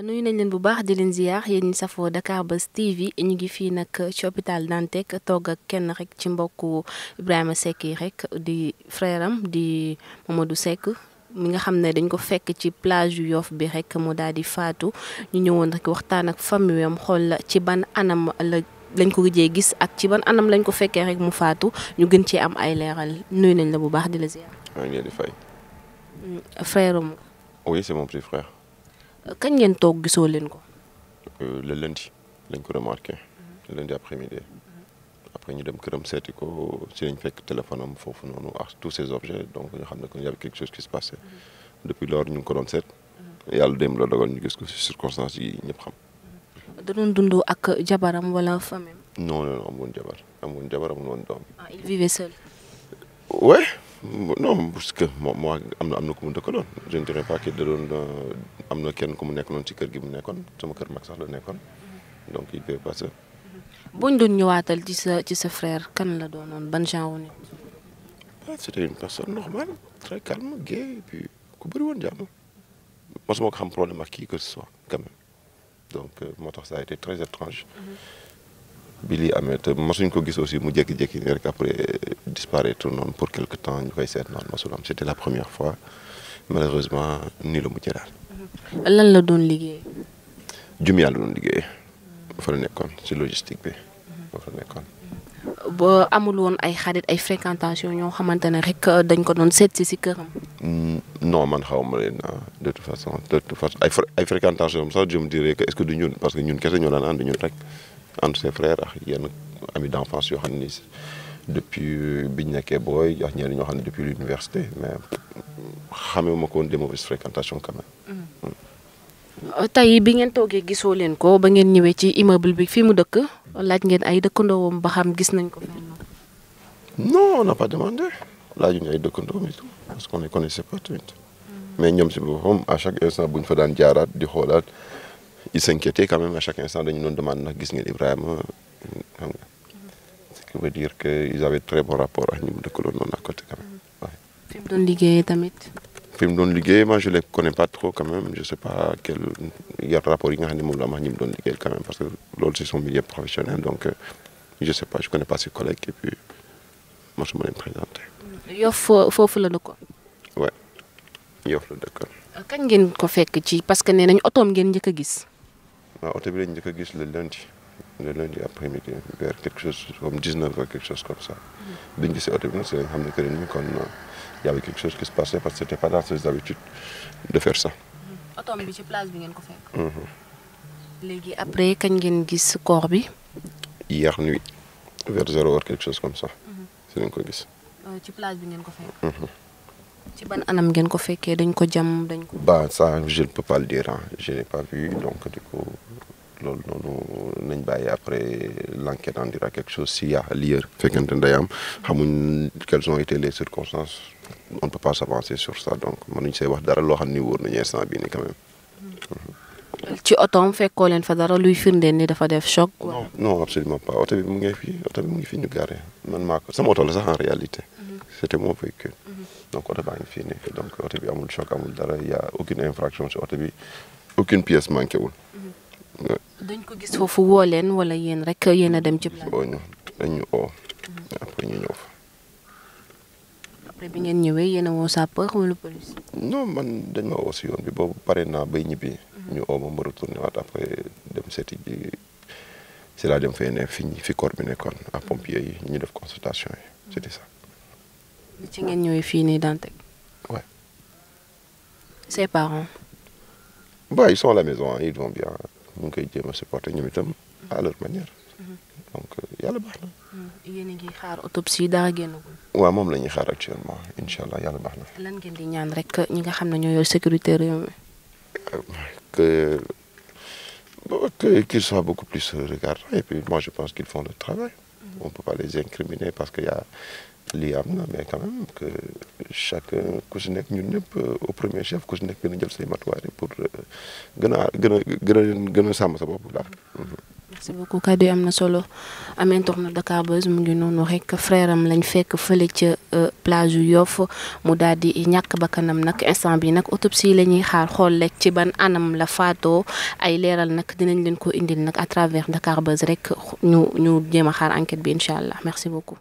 nuyu nañ leen bu baax di leen ziar yéen ñi safoo Dakar Buzz TV ñu ngi fii nag ci hôpital Dantec toog ak kenn rek ci mbokku Ibrahima Seck yi rek di frère di di du sekk mi nga xam ne dañ ko fekk ci plage yu Yoff bi rek mu daal di faatu ñu ñëwoon rek waxtaan ak famille am xool ci ban anam la lañ ko gëjee gis ak ci ban anam lañ ko fekkee rek mu faatu ñu gën ci am ay leeral nuyu nañ la bu baax di la ziar. maa kañ ngeen toog gisoo leen ko. Euh, le lundi lañ ko remarqué. le lundi après midi. après ñu dem këram seeti ko si lañ fekk téléphone am foofu noonu ak tous ces objets donc ñu xam ne que y avait quelque chose qui se ñu ngi ko doon seet. yàlla dem la dogal ñu gis ko si circonstances yi ñëpp xam. da doon dund ak jabaram wala famille. non non amoon jabar amoon jabar amoon doom. ah il vivait seul. non parce que moom moo am na am na ku mu dëkkaloon je ne dirais pas da doon euh, am na kenn ku mu nekkaloon ci kër gi mu nekkoon sama kër mag sax la nekkoon donc il peut pas boo ñu doon ñëwaatal ci sa ci sa frère kan la doonoon ban genre nit. ah c'était une personne normale très calme gay et puis ku bëri woon jàmm mosuma ko xam problème ak kii que ce soit quand même donc euh, moo tax ça a été très étrange. Mm-hmm. bi lii amee te masuñ ko gis aussi mu jékki-jékki nii rek après disparaître noonu pour quelque temps ñu koy seet noonu masul am c'était la première fois malheureusement nii la mujjee daal. lan la doon liggéey. Jumia la doon liggéey. fa la nekkoon si logistique bi. fa la nekkoon. ba amul woon ay xarit ay fréquentation ñoo xamante ne rek euh, dañ ko doon seet si si këram. non man xaw ma leen ah, de toute façon ay fréquentation sax je me est-ce que du ñun parce que ñun kese ñoo entre ses frères ak yenn amis d'enfance yoo xam ni depuis biñ nekkee booy ak ñeneen ñoo xam ne depuis l'université mais xamee ma ko woon des mauvaises fréquentations quand même. Mm-hmm. bi ngeen toogee gisoo leen ko ba ngeen ñëwee ci immeuble bi fii mu dëkk laaj ngeen ay dëkkandoowam ba xam gis nañ ko. non on n'a pas demandé laajuñu ay dëkkandoom et tout parce qu'on les connaissait pas tamit. Mm-hmm. mais ñoom si boppam à chaque instant bu ñu fa daan jaaraat di xoolaat. il s'inquiétait quand même à chaque instant dañu doon demande ndax gis ngeen Ibrahima xam nga ce qui veut dire que ils avaient très bon rapport ak ñi mu dëkkaloon noonu à côté quand même waaw. doon liggéeyee tamit. fi mu doon liggéey ma je les connais pas trop quand même je sais pas quel yar rapport yi nga xam ne moom la am ak ñi mu doon liggéeyal quand même parce que loolu c'est son milieu professionnel donc euh, je sais pas je connais pas ses collègues et foofu la dëkkoon. waaw Yoff la dëkkoon. kañ ngeen ko fekk ci parce que nee nañ otoom ngeen njëkk gis. waaw oto bi lañ njëkk a gis le lundi le lundi après midi vers quelque chose comme 19 heures quelque chose comme ça mm-hmm. bi ñu oto bi nag si lañ xam ne que ni kon y avait quelque chose qui se passait parce que mm-hmm. bi ci place bi ngeen ko fekk. Mm-hmm. léegi après kañ ngeen gis corps bi. hier nuit vers zéro heure quelque chose comme ça. si lañ ko gis. Euh, ci place bi ngeen ko fekk. ci ban anam ngeen ko fekkee dañ ko jam dañ ko. ba ça je ne peux pas le dire ah je n'ai pas vu donc du coup loolu nañ bàyyi après l'enquête en dira quelque chose s'il y a lieu fekkente ne am xamuñ quelles ont été les circonstances on ne peut pas s'avancer sur ça donc mënuñ say wax dara loo xam ni wóor nañu instant bii nii quand même. Hmm. ci otoom fekkoo leen fa dara luy firndeel ni dafa def choc. non non absolument pas oto bi mu ngi fi oto bi mu ngi fi ñu garé man maa ko sama oto sax en réalité. Hmm. c'était mon véhicule. donc oto baa ngi fii nii donc oto bi amul choc amul dara y' a infraction si oto bi aucune pièce manqué wul. Mhm. dañ ko gis foofu woo leen wala yéen rek yéen dem ci. oo ñu dañ ñu oo. Mhm. après ñu ñëw fa. après bi ngeen ñëwee a woo sapeur wala man dañ ma woo si yoon bi boobu pare naa bay ñibbi. Mhm. ñu oo ma ma retourné waat après dem seeti si laa dem fee ne fi fi corps bi nekkoon à pompier yi ñu def consultation yi li ci ngeen ñëwee fii nii Dantec. ouais. ses parents. bah ils sont à la maison ils vont bien ñu ngi koy jéem a supporter ñoom à leur manière. Mhm. donc euh, yàlla baax na. Mm. yéen ngi xaar autopsie dara génnagul. waaw moom la ñuy xaar actuellement incha allah yàlla baax na. lan ngeen di ñaan rek ñi nga xam ne ñoo yor sécurité réew mi. Euh, que qu'ils soient beaucoup plus euh, regardants et puis moi je pense qu'ils font le travail. Mhm. on peut pas les incriminer parce que ya lii am na mais quand même que chacun ku ñun ñëpp euh, au premier chef ku gën a jël say matuwaay pour euh, gën a gën a gën sa bopp daal. am na solo am internet Dakar mu ngi noonu rek frère am lañ fekk fële ca euh, plage yu Yoff mu daal di ñàkk bakkanam nag instant bi nag autopsie la ñuy xaar xool lekk ci ban anam la faatoo ay leeral nag dinañ leen ko indil nag à travers Dakar Buzz rek ñu ñu jéem a xaar enquête bi incha allah merci beaucoup.